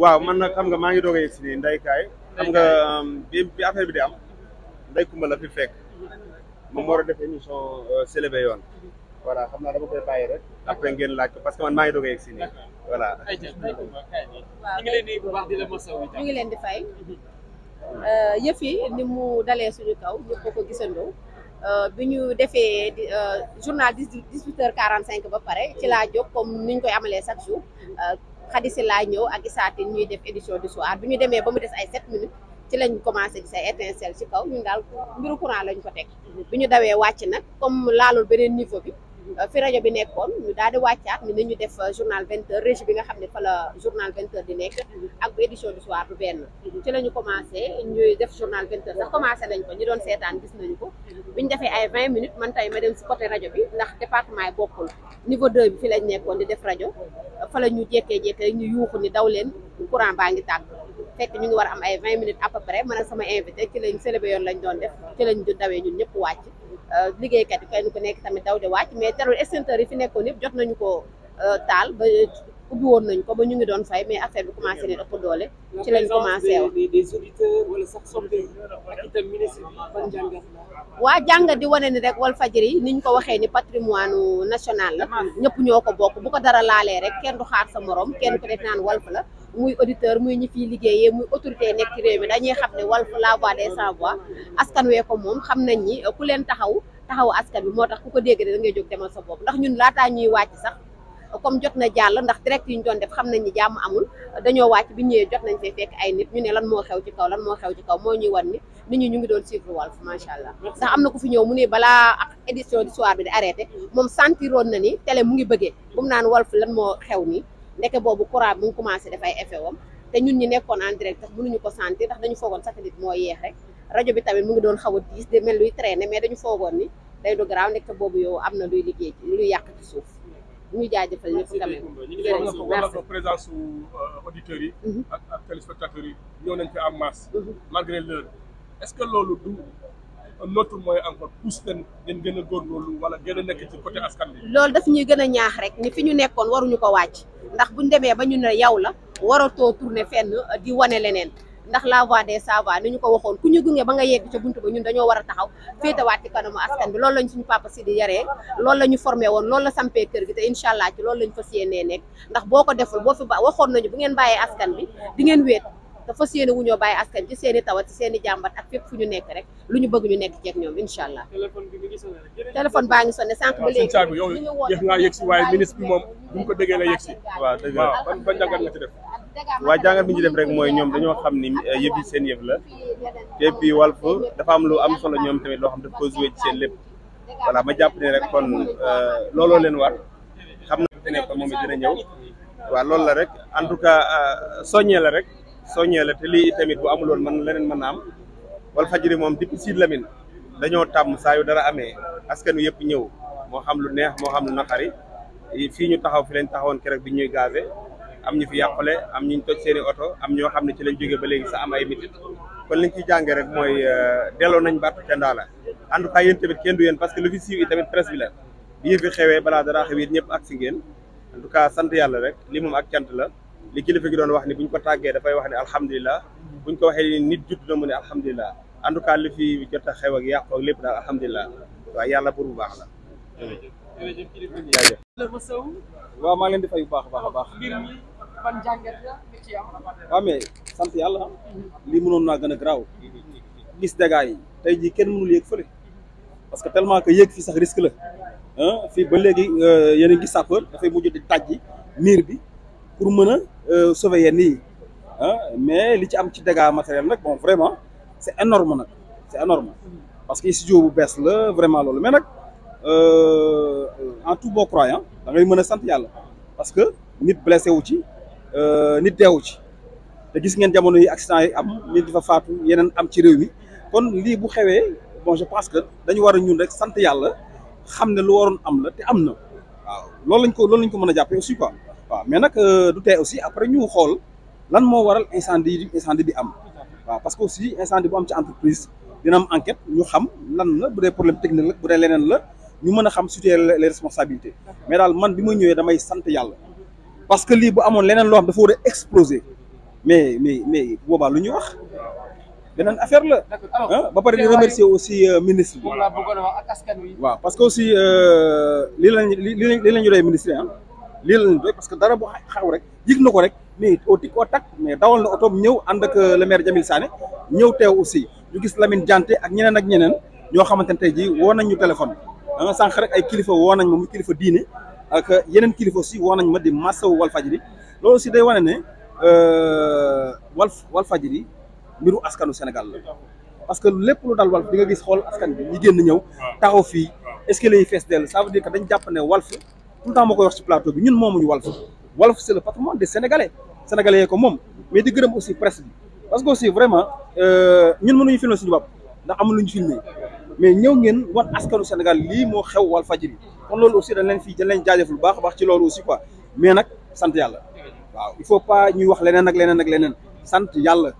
waaw man nag xam nga maa ngi doog a yegg si nii ndeykaay xam nga um, bi bi affaire bi di am ndey kumba a fi fekk moom war a def émission euh, célébré xam naa dama koy bàyyi rek ngeen laaj ko parce que man maa ngi doog a yegg nii voilà. ngi leen di bu baax di la fay euh, yëf ni mu dalee suñu kaw ñëpp ko gisandoo euh, bi ñu defee journal dix-huit heures quarante-cinq ba pare ci laa jóg comme niñ koy amalee chaque jour. xadisi laa ñëw ak isaatin ñuy def édition du soir bi ñu demee ba mu des ay 7 minutes ci lañ commencé gis ay étincelle ci kaw ñun daal mbiru courant lañ ko teg bi ñu dawee wàcc nag comme laalul beneen niveau bi Euh, fi rajo bi nekkoon ñu daal di wàccaat ni nañu def euh, journal 20h régie bi nga xam ne fa la journal 20h di nekk ak bu édition du soir du benn ci la ñu def journal 20 sax commencé nañ ko ñi doon seetaan gis nañu ko bi ñu defee ay 20 minutes man tey ma dem si côté rajo bi ndax département yi bokkul niveau 2 bi fi lañ nekkoon di def rajo fa la ñu jekkee-jekkee ñu yuuxu ni daw leen courant baa ngi tàgg fekk ñu ngi war a am ay 20 minutes à peu près sama invité ci lañ célébré yoon lañ doon def ci lañ dawee ñun ñëpp wàcc liggéeykat yi kenn ku nekk tamit daw de wàcc mais terewul extincteur yi fi nekkoon yëpp jot nañu ko euh, taal ba ubbi woon nañ ko ba ñu ngi doon fay mais affaire bi commencé ne ëpp doole ci lañ commencé wax waa jàngat di wane ni rek Walfadjri yi ni ñu ko waxee ni patrimoine national la ñëpp ñoo ko bokk bu ko dara laalee rek kenn du xaar sa morom kenn peut-être naan Walf la muy auditeur muy ñi fiy liggéeyee muy autorité nekk ci réew mi dañuy xam ne Walf la voix des sans voix askan wee ko moom xam nañ ni ku leen taxaw taxaw askan bi moo tax ku ko dégg da ngay jóg demal sa bopp ndax ñun laataa ñuy wàcc sax comme jot na jàll ndax direct yu ñu doon def xam nañ ñi jàmm amul dañoo wàcc bi ñëwee jot nañ fee fekk ay nit ñu ne lan moo xew ci kaw lan moo xew ci kaw moo ñuy wan ni nit ñi ñu ngi doon suivre Walf macha allah. ndax am na ku fi ñëw mu ne balaa ak édition du bi arrêté moom sentiroon na ni télé mu ngi bëggee bu mu naan Walf lan moo xew nii. ndeke boobu courant mu commencé def ay effet wam te ñun ñi nekkoon en direct tax mënuñu ko sentir ndax dañu foogoon satellite moo yeex rek rajo bi tamit mu ngi doon xaw a diis de mel luy traîner mais dañu foogoon ni day du garaaw ndeke boobu yow am na luy liggéey ci luy yàq ci suuf ñu jaajëfal ñëpp tamit merci présence su euh, auditeurs yi mhm. ak ak téléspectateurs yi ñëw nañ fi en masse mhm. malgré l'heure est-ce que loolu du l'autre mooy encore pousse leen ngeen gën a loolu daf ñuy gën a ñaax rek ni fi ñu nekkoon waruñu ko wàcc ndax buñ demee ba ñu ne yow la waratoo tourner fenn di wane leneen ndax la voix des savoirs ni ñu ko waxoon ku ñu gunge ba nga yegg ca bunt ba ñun dañoo war a taxaw féetewaat ci kanamu askan bi loolu lañ suñu papa si di yaree loolu la ñu formé woon loolu la sampee kër gi te incha allah ci loolu lañ fas yéenee nekk ndax boo ko deful boo fi ba waxoon nañu bu ngeen bàyyee askan bi di ngeen wéet dafa fas yéene wu ñoo bàyyi askan ci seen i tawat ci seen i jàmbat ak fépp fu ñu nekk rek lu ñu bëgg ñu nekk ceeg ñoom incha allah. téléphone bi mi ngi sonné rek. téléphone baa ngi sonné sànq ba léegi. yow yëf waaye ministre bi moom bu ñu ko déggee la yegg si. waaw dëgg la waaw ban ban jàngat ñu def rek mooy ñoom dañoo xam ni eh, yëf yi seen yëpp la te puis Walf dafa am lu am solo ñoom tamit loo xam daf ko joué ci seen lépp voilà ma jàpp ne rek kon eh, looloo leen war xam na ne ko moom dina ñëw waaw loolu la rek en tout cas eh, soññee la rek soññee la te lii tamit bu amuloon man leneen mën na am Walfadjri moom depuis Sidy Lamine dañoo tàmm saa yu dara amee askan wi yëpp ñëw moo xam lu neex moo xam lu naqari fii ñu taxaw fi lañ taxawoon keroog bi ñuy gazé am ñu fi yàqule am ñu toj seen i oto am ñoo xam ne ci lañ jóge ba léegi sax am ay mitit kon lañ ci jàngee rek mooy euh, delloo nañ battu ca ndaa la en tout tamit kenn du yéen parce que lu fi siiw yi tamit bi la bi fi xewee balaa dara xew ñëpp ak si ngeen en tout sant yàlla rek li moom ak cant la li kilifa gi doon wax ni ñu ko tàggee dafay wax ne alhamdulilah buñ ko waxee nit judd na mu ne alhamdulilah en tout fi jot a xew ak yàqu ak lépp daal alhamdulilah waaw yàlla pour bu baax la. jërëjëf jërëjëf maa leen di fay bu baax a baax a baax. mbir mi ban jàngat yàlla lii mënoon naa gën a garaaw gis dégâts yi tey jii kenn mënul yéeg fële parce que tellement que yéeg fii sax risque la ah fii ba léegi euh, yéen a ngi sapeur dafay mujj di tàjji miir bi pour mën a. Euh, sauver yenn yi ah mais li ci am ci dégâts matériel nag bon vraiment c' est énorme nag c' est énorme parce que studio bu bees la vraiment loolu mais nag euh, en tout bon croyant da ngay mën a sant yàlla parce que nit blessé wu ci euh, nit deewu ci te gis ngeen jamono yi accident yi am nit fa faatu yeneen am ci réew yi kon lii bu xewee bon je pense que dañu war a ñun rek sant yàlla xam ne lu waroon am la te am na waaw loolu lañ ko loolu lañ ko mën a jàppee aussi quoi waaw mais nag euh, du tee aussi après ñu xool lan moo waral incendie incendie bi am waa parce que aussi incendie bu am ci entreprise dina am enquête ñu xam lan la bu dee problème technique la bu dee leneen la ñu mën a xam situer les responsabilités mais daal man bi ma ñëwee damay sant yàlla parce que lii bu amoon leneen loo xam dafa war a exploser mais mais mais boobaa lu ñuy wax beneen affaire la ba pare di remercier aussi euh, ministre bi waaw parce que aussi euh, li lañ lii lañ lii la ñu doy ministre ah lii la doy parce que dara bu xaw rek yëg na ko rek mais au tic au tac mais dawal na otoom ñëw ànd ak euh, le maire Jamil Sané ñëw teew aussi ñu gis Lamine Diante ak ñeneen ak ñeneen ñoo xamante ne tey jii woo nañ ñu téléphone da nga sànq ay kilifa woo nañ ma mu kilifa diine ak yeneen kilifa aussi woo nañ ma di massawu bi loolu aussi day wane ne euh, Walf bi mbiru askanu Sénégal la parce que lépp lu dal Walf di nga gis xool askan bi ñu génn ñëw taxaw fii est fees dell ça veut dañ jàpp ne Walf tout le temps ma koy wax ci plateau bi ñun moomuñu Walf Walf c'est le patrimoine des sénégalais sénégalais yee ko moom mais di gërëm aussi presse bi parce que aussi vraiment euh, ñun mënuñu filmer suñu bopp ndax amul lu ñu filmer mais ñëw ngeen wan askanu Sénégal lii moo xew Walfadjri kon loolu aussi dañ leen fii dañ leen jaajëf lu baax a baax ci loolu aussi quoi mais nag sant yàlla waaw il faut pas ñuy wax leneen ak leneen ak leneen sant yàlla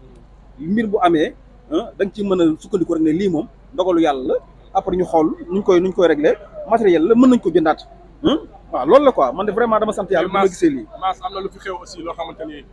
mbir bu amee da nga ci mën a sukkandiku ne lii moom ndogalu yàlla la après ñu xool nuñ koy nuñ koy réglé matériel la mën nañ ko jëndaat waaw loolu la quoi man de vraiment dama sant yàlla bu ma gisee lii maas am na lu fi xew aussi loo xamante ni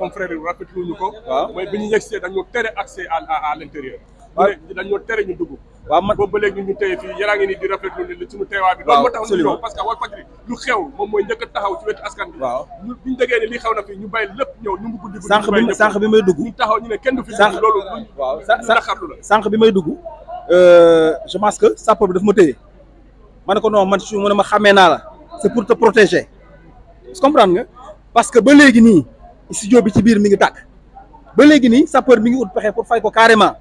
confrère yi rafetlu ñu ko waaw mooy bi ñu yegsee dañoo tere accès à à l'intérieur waaw dañoo tere ñu dugg waaw man boobu ba léegi ñu tey fii yéen a ngi nii di rafetlu ni suñu teewaay bi loolu moo tax ñu ñëw parce que Walfadjri lu xew moom mooy njëkk a taxaw ci wetu askan bi waaw ñu biñu déggee ne li xew na fii ñu bàyyi lépp ñëw ñu ngi guddi sànq bi sànq bi may dugg ñu taxaw ñu ne kenn du fi dugg loolu waaw naxarlu la sànq bi may dugg euh, je pense que sàpp bi daf ma téye ma ne ko non man su mu ne ma xamee naa la c'est pour te protéger comprendre nga parce que ba léegi nii studio bi ci biir mi ngi tàkk ba léegi nii sapeur mi ngi ut pexe pour fay ko carrément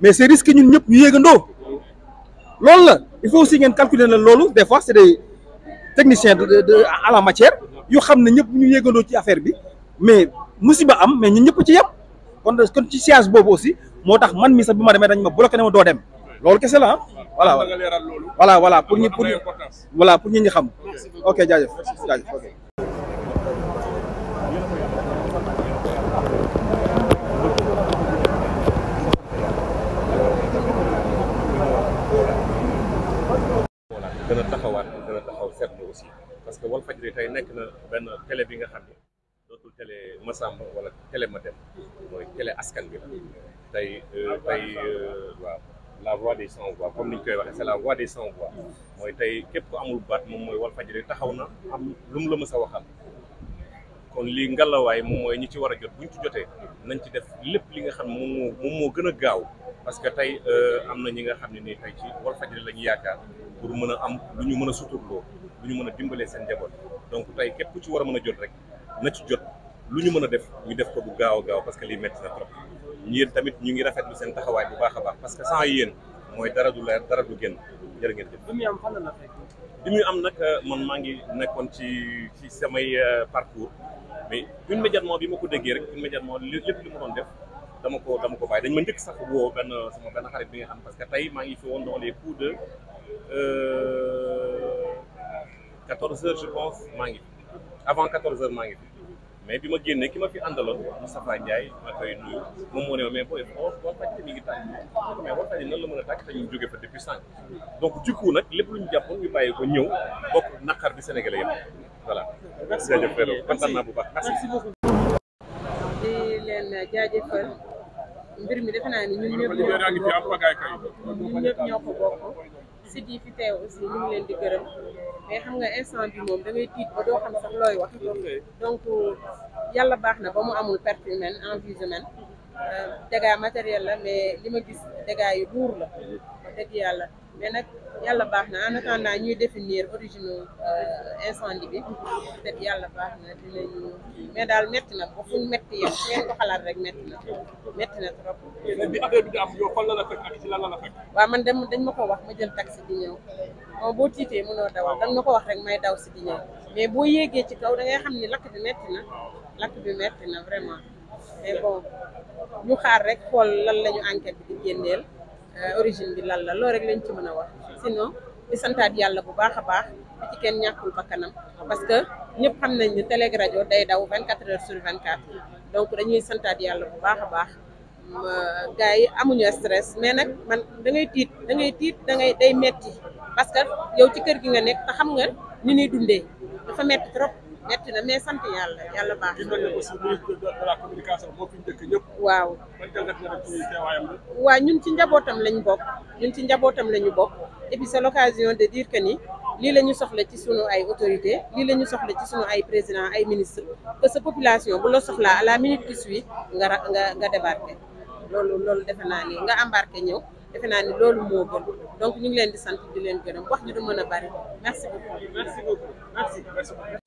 mais c'est risque ñun ñëpp ñu yéegandoo loolu la il faut aussi ngeen calculer na loolu des fois c'est des techniciens de, de, de à la matière yoo xam ne ñëpp ñu yéegandoo ci affaire bi mais musiba am mais ñun ñëpp ci yem kon kon ci siège boobu aussi moo tax man mi bi ma demee dañ ma bloqué ne ma doo dem voilà voilà voilà pour ñu pour ñu voilà pour ñu ñu xam ok jaajëf jaajëf ok gën a taxawaat gën a aussi parce que Walfadjri tey nekk na benn télé bi nga xam ne dootul télé Massamba wala télé Madem mooy télé askan bi la tey euh, tey euh, waaw la voix des sans voix comme ñu koy waxee c'est la voix des mooy tey képp ku amul baat moom mooy faj Walfadjri taxaw na am lu mu la mës a waxal kon lii ngalawaay moom mooy ñi ci war a jot buñ ci jotee nañ ci def lépp li nga xam moom moo moo gën a gaaw parce que tey euh, am na ñi nga xam ne nii tey ci Walfadjri la ñu yaakaar pour mën a am lu ñu mën a suturloo lu ñu mën a dimbalee seen njaboot donc tey képp ku ci war a mën a jot rek na ci jot lu ñu mën a def ñu def ko bu gaaw a gaaw parce que lii métti na trop yéen tamit ñu ngi rafet rafetlu seen taxawaay bu baax a baax parce que sans yéen mooy dara du leer dara du génn jërë ngeen muy am fan la fekk. am nag euh, man maa ngi nekkoon ci ci samay euh, parcours mais immédiatement bi ma ko déggee rek immédiatement lépp li ma doon def dama ko dama ko bàyyi dañ ma njëkk sax woo benn sama benn xarit bi nga xam parce que tey maa ngi fi woon dans les coups de euh, quatorze heures je pense maa ngi avant quatorze heures maa ngi mais bi ma génnee ki ma fi àndaloon Moustapha Ndiaye moom moo ne ma mais booy xool boo fajte mi ngi tàkk mais boo fajee nan la mën a tàkk te ñu jóge fa depuis sànq donc jikko nag lépp lu ñu jàppoon ñu bàyyi ko ñëw bokk naqar bi Sénégalais yëpp voilà. merci jërëjëf kontaan naa bu baax merci. di mbir mi defe naa ni ñun ñëpp ñoo ko bokk ñun ñëpp ñoo bokk si di fi teew aussi ñu leen di gërëm. mais xam nga instant bi moom damay ngay tiit ba doo xam sax looy wax donc yàlla baax na ba mu amul perte humaine en vie humaine euh, dégâts matériels la mais li ma gis dégâts yi buur la wax dëgg yàlla mais nag yàlla baax na en naa ñuy définir originaux euh, incendie bi peut être yàlla baax na dinañu mais daal métti na ko fuñ métti yem ngeen ko xalaat rek métti na métti na trop. bi la la fekk ak ci lan man dem dañ ma ko wax ma jël taxi di ñëw moom boo tiitee mënoo wax dañ ma ko wax rek may daw si di ñëw mais boo yéegee ci kaw da ngay xam ni lakk bi métti na lakk bi métti na vraiment mais bon ñu xaar rek xool lan la ñu enquête bi di génneel. Euh, origine bi lan la loolu rek lañu ci mën a wax sinon di santaat yàlla bu baax a baax di ci kenn ñàkkul bakkanam parce que ñëpp xam nañ ne télé rajo day daw 24 heures sur 24 donc dañuy santaat yàlla bu baax a baax euh, gars yi amuñu stress mais nag man da ngay tiit da ngay tiit da ngay day metti parce que yow ci kër gi nga nekk te xam nga ni ñuy dundee dafa metti trop. metti na mais sant yàlla yàlla baax na. waaw. waa ñun ci njabootam lañ bokk ñun ci njabootam lañu bokk et puis c'est l'occasion de dire que ni lii la ñu soxla ci sunu ay autorités lii la ñu soxla ci sunu ay président ay ministre que sa population bu la soxlaa à la minute qui suit nga nga nga loolu loolu defe naa ni nga embarqué ñëw. defe naa ni loolu moo gën donc ñu ngi leen di sant di leen gërëm wax ñu du mën a bari merci beaucoup merci beaucoup